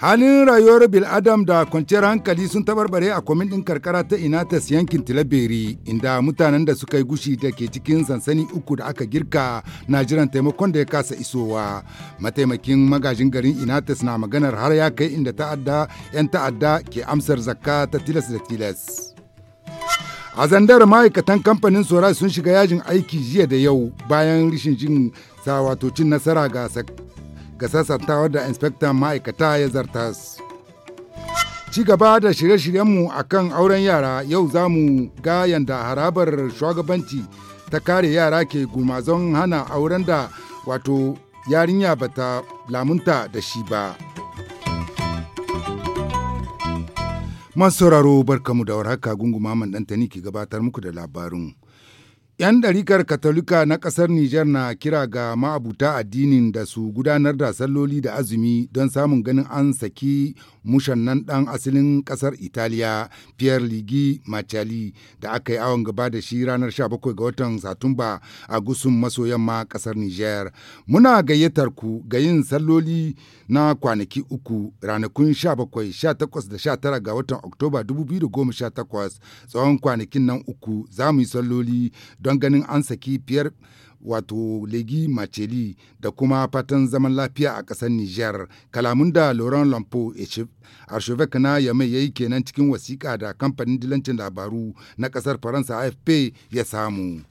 halin rayuwar biladam da kwanciyar hankali sun tabarbare a kwamin karkara ta inatas yankin tilaberi inda mutanen da suka yi gushi da ke cikin sansani uku da aka girka na jiran taimakon da ya kasa isowa mataimakin magajin garin inatas na maganar har ya kai inda ta'adda 'yan ta'adda ke amsar zakka ta tilas da tilas a zandar ma'aikatan kamfanin sora sun shiga yajin aiki jiya da yau bayan rishin jin sawatocin nasara ga ga sassartawa da inspector ma'aikata ya zartas. Ci gaba da shirye-shiryenmu a kan auren yara yau za mu ga yanda harabar shugabanci ta kare yara ke gumazon hana auren da wato yarinya ba ta lamunta da shi ba. Masu sauraro barkamu da warhaka gunguma man ɗantani ke gabatar muku da labarin. 'Yan ɗarikar Katolika na ƙasar Nijar na kira ga ma'abuta addinin da su gudanar da salloli da azumi don samun ganin an saki mushannan ɗan asalin ƙasar Italiya, Pierre Ligi Machali, da aka yi awon gaba da shi ranar 17 ga watan Satumba a gusun maso yamma ƙasar Nijar. Muna gayyatar ku ga yin salloli na kwanaki uku ranakun 17, 18 da 19 ga watan Oktoba 2018 tsawon kwanakin nan uku za mu yi salloli don ganin an saki fiyar wato legi maceli da kuma fatan zaman lafiya a ƙasar niger kalamun da lauren lampo archevêque na yamai yayi yayi kenan cikin wasiƙa da kamfanin dilancin labaru na ƙasar faransa afp ya samu.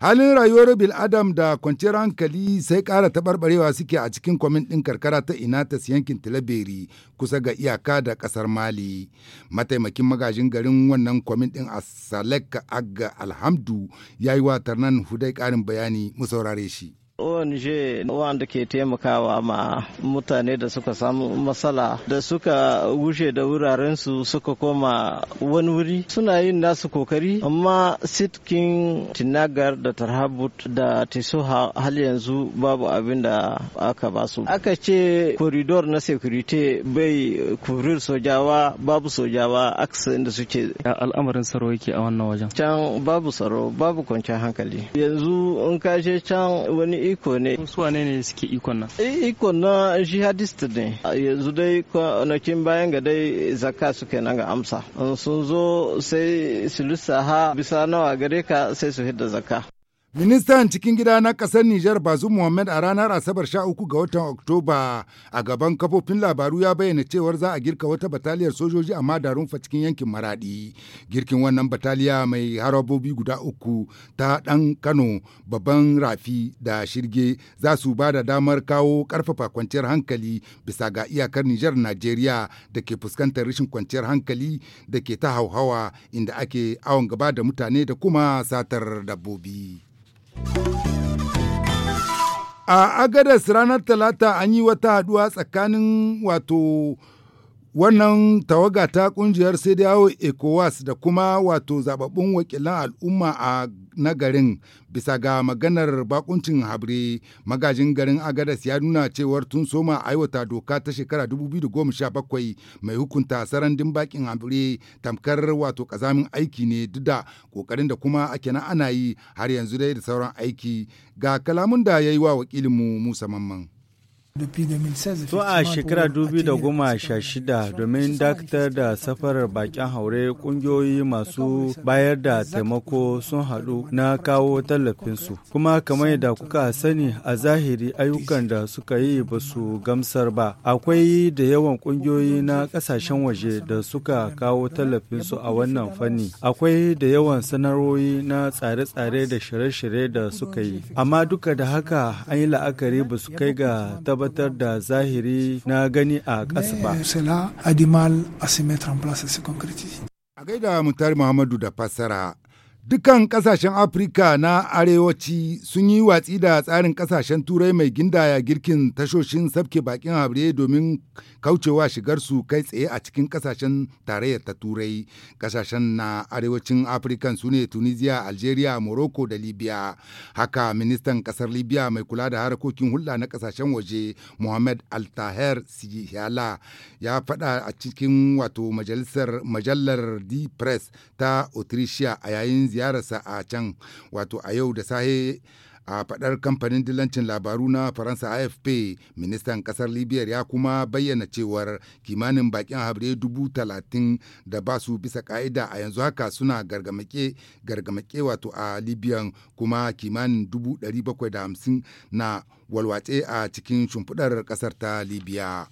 halin rayuwar bil adam da kwanciyar hankali sai kara taɓarɓarewa suke a cikin kwamin ɗin karkara ta inatas yankin tilaberi kusa ga iyaka da ƙasar mali mataimakin magajin garin wannan kwamin ɗin a salek agga alhamdu ya yi wa nan hudai ƙarin bayani mu saurare shi ONG wanda ke taimakawa ma mutane da suka samu matsala da suka wuce da wurarensu suka koma wani wuri suna yin nasu kokari amma sitkin tinagar da tarhabut da tiso hal yanzu babu abin da aka basu aka ce koridor na security bai kurir sojawa babu sojawa aksa da suke al'amarin tsaro yake a wannan wajen can babu tsaro babu kwanciyar hankali yanzu in kashe can wani iko ne su wane ne suke iko na eh, iko na jihadist ne yanzu dai kwanakin bayan ga dai zakka suke nan ga amsa sun zo sai su lissaha bisa nawa gare ka sai su hidda zakka Ministan cikin gida na ƙasar Nijar Bazu Muhammad a ranar Asabar 13 ga watan Oktoba a gaban kafofin labaru ya bayyana cewar za a girka wata bataliyar sojoji a Madarun fa cikin yankin Maradi. Girkin wannan bataliya mai harabobi guda uku ta ɗan Kano babban rafi da shirge za su ba da damar kawo ƙarfafa kwanciyar hankali bisa ga iyakar Nijar Najeriya da ke fuskantar rashin kwanciyar hankali da ke ta hauhawa inda ake awon gaba da mutane da kuma satar dabbobi. A Agadas ranar Talata an yi wata haɗuwa tsakanin wato Wannan tawaga ta kungiyar sai ECOWAS da kuma wato zababbun wakilan al'umma a na garin bisa ga maganar bakuncin habre magajin garin agadas ya nuna cewar tun soma aiwata doka ta shekara 2017 mai hukunta sarandin bakin habre tamkar wato kazamin aiki ne duk da kokarin da kuma ake na ana yi har yanzu dai da sauran aiki ga kalamun da ya yi wa wakilinmu musa mamman. Tun a shekara da goma sha shida domin dakatar da safarar bakin haure kungiyoyi masu bayar da taimako sun haɗu na kawo tallafinsu. Kuma kamar da kuka sani a zahiri ayyukan da suka yi ba su gamsar ba. Akwai da yawan kungiyoyi na ƙasashen waje da suka kawo tallafinsu a wannan fanni. Akwai da yawan sanarwoyi na tsare-tsare da shirye-shirye da suka yi. Amma duka da haka an yi la'akari ba su kai ga tabbatar tabbatar da zahiri na gani a ƙasa ba. A gaida Mutari Muhammadu da fassara Dukan kasashen Afirka na Arewaci sun yi watsi da tsarin kasashen Turai mai gindaya girkin tashoshin sabke bakin habre domin kaucewa shigar su kai tsaye a cikin kasashen tarayyar ta Turai. Kasashen na Arewacin Afirka su ne Tunisia, Algeria, Morocco da Libya. Haka ministan kasar Libya mai kula da harkokin hulɗa na kasashen waje Mohamed Altaher Sihala ya faɗa a cikin wato majalisar majallar D-Press ta Autricia a yayin ziyararsa a can wato a yau da sahe a fadar kamfanin dilancin labaru na faransa afp ministan kasar libya ya kuma bayyana cewar kimanin bakin habre dubu talatin da ba su bisa ka'ida a yanzu haka suna gargamake gargamake wato a libyan kuma kimanin dubu 750 na walwatse a cikin shimfiɗar kasar ta libya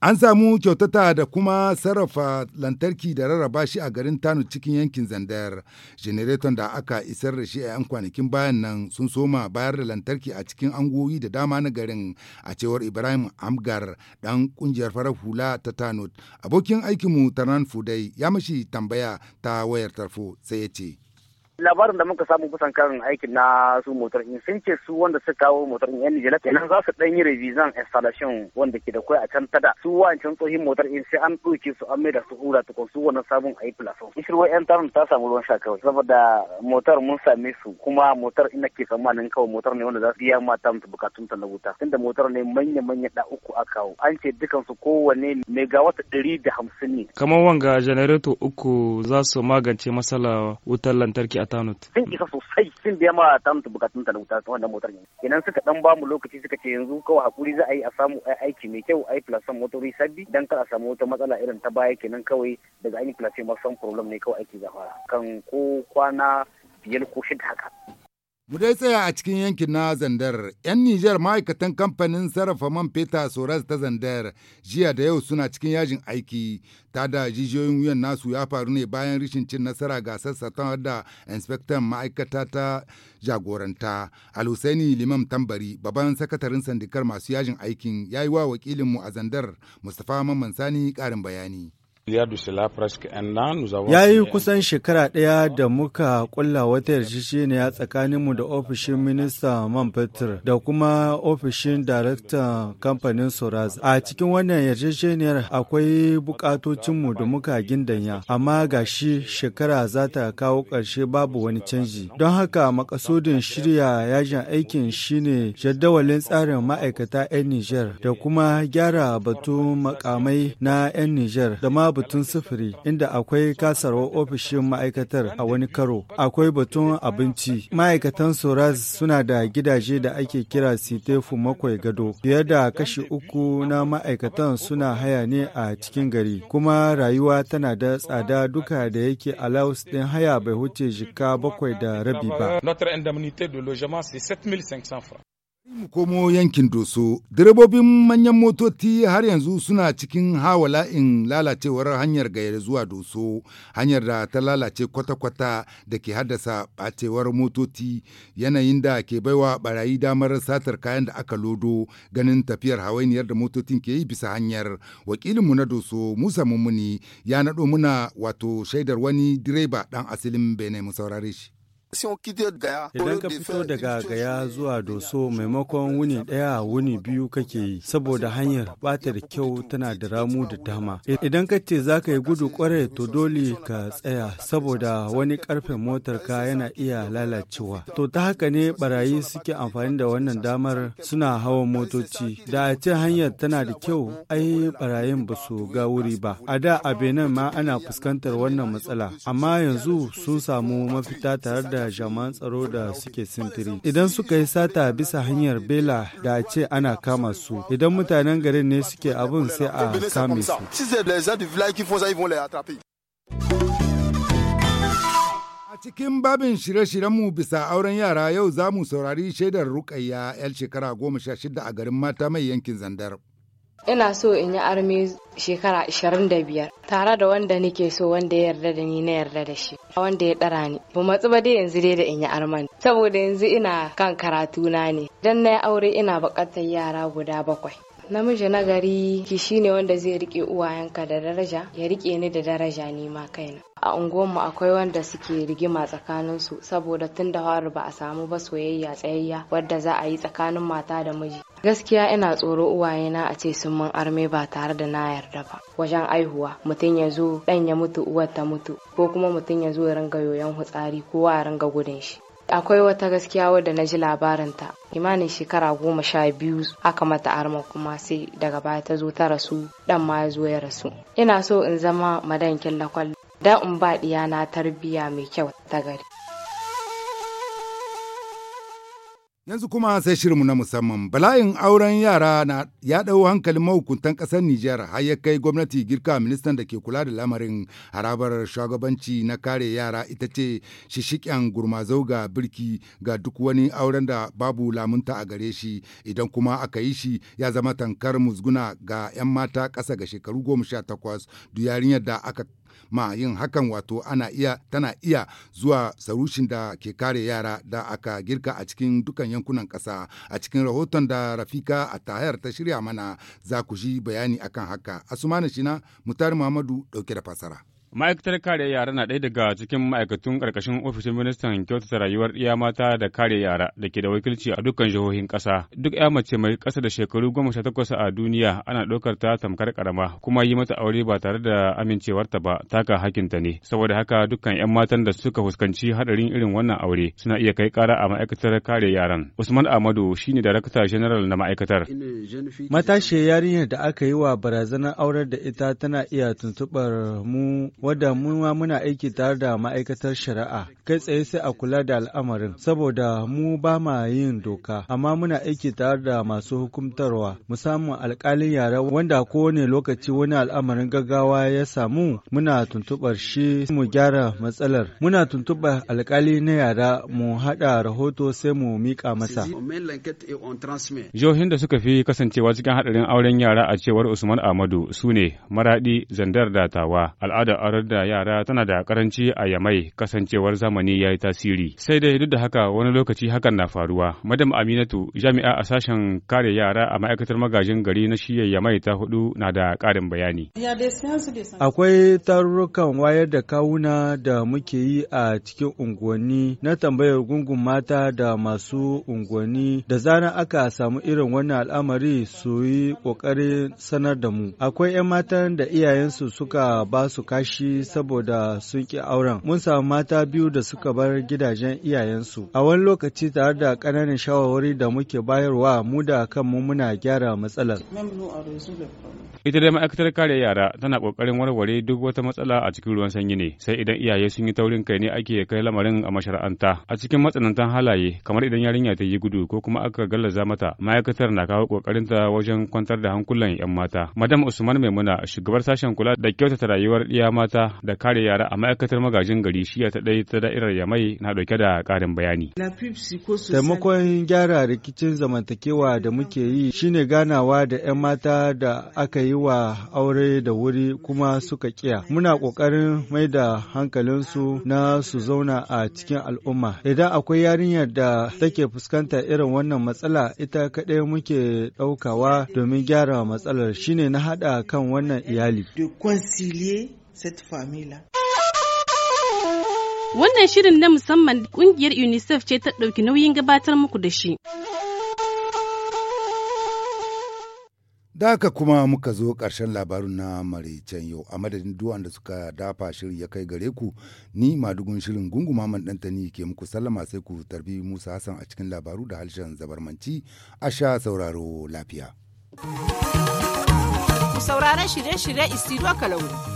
An samu kyautata da kuma sarrafa lantarki da rarraba shi a garin Tano cikin yankin Zandar. Generaton da aka isar da shi a 'yan kwanakin bayan nan sun soma bayar da lantarki a cikin angoyi da dama na garin a cewar Ibrahim Amgar dan kungiyar farar hula ta Tano. Abokin aikinmu Tarnan Fudai ya mashi tambaya ta wayar tarfo sai ya ce. labarin da muka samu kusan kan aikin na su motar in sun ce su wanda suka kawo motar in yanni Nijar nan za su dan yi revision installation wanda ke da kai a can tada su wancan tsohin motar in sai an ɗauke su an maida su hura tukun su wannan sabon yi plafon shirwa yan tarin ta samu ruwan sha kawai saboda motar mun same su kuma motar ina ke tsammanin kawai motar ne wanda za su biya mata mutu bukatun ta na wuta tunda motar ne manya manya da uku a kawo an ce dukan su kowanne megawatt ɗari da hamsin ne kamar wanga janareto uku za su magance matsala wutar lantarki a tanut sun isa sosai sun biya ma tanut bukatun ta da wuta ta wannan motar idan suka dan bamu lokaci suka ce yanzu kawai hakuri za a yi a samu aiki mai kyau a yi plasan motori sabbi dan kar a samu wata matsala irin ta baya kenan kawai daga ainihin plasan ma san problem ne kawai aiki za fara kan ko kwana biyar ko shida haka Mu dai tsaya a cikin yankin na Zandar, 'yan Nijar ma'aikatan kamfanin sarrafa man feta Soras ta Zandar jiya da yau suna cikin yajin aiki, ta da jijiyoyin wuyan nasu ya faru ne bayan rishin cin nasara ga sassatan da inspektan ma'aikata ta jagoranta. Alhusaini Limam Tambari, babban sakatarin sandikar masu yajin aikin, ya yi wa wakilinmu a Zandar, Mustapha Mamman Sani ƙarin bayani. Ya yi kusan shekara ɗaya da muka ƙulla wata yarjejeniya tsakaninmu da ofishin minista man fetur da kuma ofishin daraktan kamfanin Soraz. A cikin wannan yarjejeniyar akwai bukatocinmu da muka gindanya, amma ga shi shekara za ta kawo ƙarshe babu wani canji. Don haka makasudin shirya yajin aikin shine jadawalin tsarin ma'aikata 'yan Nijar da kuma gyara batun makamai na 'yan Nijar da batun sufuri inda akwai kasarwa ofishin ma'aikatar a wani karo. Akwai batun abinci. Ma'aikatan Soraz suna da gidaje da ake kira Sitefu makwai gado. Fiye da kashi uku na ma'aikatan suna haya ne a cikin gari. Kuma rayuwa tana da tsada duka da yake alaus din haya bai huce jika bakwai da rabi ba. komo yankin doso direbobin manyan motoci har yanzu suna cikin hawala'in lalacewar hanyar gayar zuwa doso hanyar da ta lalace kwata-kwata da ke haddasa bacewar motoci yanayin da ke baiwa barayi damar satar kayan da aka lodo ganin tafiyar hawainiyar da motocin ke yi bisa hanyar wakilinmu na doso musa mummuni ya naɗo muna wato shaidar wani direba ɗan asalin bene mu saurare shi Idan ka fito daga gaya zuwa doso maimakon wuni ɗaya wuni biyu kake yi saboda hanyar bata da kyau tana da ramu da dama. Idan ka ce za ka yi gudu kwarai to dole ka tsaya saboda wani karfen motar ka yana iya lalacewa. To ta haka ne barayi suke amfani da wannan damar suna hawan motoci. Da a ce hanyar tana da kyau ai barayin ba su ga wuri ba. A da a Benin ma ana fuskantar wannan matsala amma yanzu sun samu mafita tare da da jaman tsaro da suke sintiri. Idan suka yi sata bisa hanyar bela da a ce ana kama su. Idan mutanen garin ne suke abin sai a kame su. cikin babin shirye-shiryenmu bisa auren yara yau za mu saurari shaidar rukayya 'yar shekara goma sha shida a garin mata mai yankin zandar. ina so in yi armi shekara 25 tare da wanda nake so wanda ya yarda da ni na yarda da shi a wanda ya dara ni ba matsu ba dai yanzu dai da in yi arman saboda yanzu ina kan karatu na ne dan na aure ina bukatar yara guda bakwai namiji na gari ki shine wanda zai rike uwayenka da daraja ya rike ni da daraja ni ma kaina a unguwarmu akwai wanda suke rigima tsakanin su saboda tun da fari ba a samu ba soyayya tsayayya wadda za a yi tsakanin mata da miji gaskiya ina tsoro uwayena a ce sun mun arme ba tare da na yarda ba wajen aihuwa mutum ya zo dan ya mutu uwar ta mutu ko kuma mutum ya zo ya ringa yoyon hutsari kowa ya ringa gudun shi akwai wata gaskiya wadda na ji labarinta imanin shekara goma sha biyu aka mata arma kuma sai daga baya ta zo ta rasu dan ma ya zo ya rasu ina so in zama madankin lakwal da in ba ɗiyana tarbiyya mai kyau ta gari Yanzu kuma sai shirinmu na musamman bala'in auren yara na ya ɗau hankalin mahukuntan ƙasar Nijar har ya kai gwamnati girka ministan da ke kula da lamarin harabar shugabanci na kare yara ita ce shishiƙen gurmazau ga birki ga duk wani auren da babu lamunta a gare shi idan kuma aka yi shi ya zama tankar musguna ga 'yan mata ƙasa ga shekaru goma sha takwas duk yarinyar da aka ma yin hakan wato ana iya tana iya zuwa sarushin da ke kare yara da aka girka a cikin dukan yankunan ƙasa a cikin rahoton da rafika a tahayar ta shirya mana za ku ji bayani akan haka asumani shina mutar muhammadu dauke da fasara. Ma'aikatar kare yara na ɗaya daga cikin ma'aikatun ƙarƙashin ofishin ministan kyautata rayuwar ya mata da kare yara da ke da wakilci a dukkan jihohin ƙasa. Duk ya mace mai ƙasa da shekaru goma sha takwas a duniya ana ɗaukar ta tamkar ƙarama kuma yi mata aure ba tare da amincewarta ba taka hakinta ne. Saboda haka dukkan 'yan matan da suka fuskanci haɗarin irin wannan aure suna iya kai ƙara a ma'aikatar kare yaran. Usman Ahmadu shine darakta general na ma'aikatar. Matashiyar yarinyar da aka yi wa barazanar aurar da ita tana iya tuntuɓar mu wadda mu muna aiki tare da ma'aikatar shari'a kai tsaye sai a kula da al'amarin saboda mu ba ma yin doka amma muna aiki tare da masu hukumtarwa musamman alkalin yara wanda kowane lokaci wani al'amarin gaggawa ya samu muna tuntubar shi mu gyara matsalar muna tuntubar alkali na yara mu haɗa rahoto sai mu mika masa jihohin da suka fi kasancewa cikin haɗarin auren yara a cewar usman ahmadu su ne maraɗi zandar da tawa al'ada. aurar da yara tana da karanci a yamai kasancewar zamani ya yi tasiri. Sai dai duk da haka wani lokaci hakan na faruwa. Madam Aminatu jami'a a sashen kare yara a ma'aikatar magajin gari na shiya yamai ta hudu na da ƙarin bayani. Akwai tarurrukan wayar da kawuna da muke yi a cikin unguwanni na tambayar gungun mata da masu unguwanni da zana aka samu irin wannan al'amari su yi ƙoƙarin sanar da mu. Akwai 'yan matan da iyayensu suka ba su kashi shi saboda sun ƙi auren. Mun samu mata biyu da suka bar gidajen iyayensu. A wani lokaci tare da ƙananan shawarwari da muke bayarwa mu da kanmu muna gyara matsalar. Ita dai ma'aikatar kare yara tana ƙoƙarin warware duk wata matsala a cikin ruwan sanyi ne, sai idan iyaye sun yi taurin kai ne ake kai lamarin a mashara'anta. A cikin matsanantan halaye, kamar idan yarinya ta yi gudu ko kuma aka gallaza mata, ma'aikatar na kawo ƙoƙarinta wajen kwantar da hankulan 'yan mata. Madam Usman Maimuna, shugabar sashen kula da kyautata rayuwar iya mata mata da kare yara a ma'aikatar magajin gari shiya ta ɗaya ta da'irar Yamai na ɗauke da ƙarin bayani. Taimakon gyara rikicin zamantakewa da muke yi shine ganawa da 'yan mata da aka yi wa aure da wuri kuma suka kiya. Muna ƙoƙarin mai da hankalinsu na su zauna a cikin al'umma. Idan akwai yarinyar da take fuskanta irin wannan matsala ita kaɗai muke ɗaukawa domin gyara matsalar shine na haɗa kan wannan iyali. cette famille-là. Wannan shirin na musamman kungiyar UNICEF ce ta ɗauki nauyin gabatar muku da shi. Da haka kuma muka zo ƙarshen labarun na maraicen yau a madadin duwan da suka dafa shirin ya kai gare ku ni madugun shirin gunguma man ɗantani ke muku sallama sai ku tarbi Musa Hassan a cikin labaru da harshen zabarmanci a sha sauraro lafiya. Ku saurara shirye-shirye Istiro Kalangu.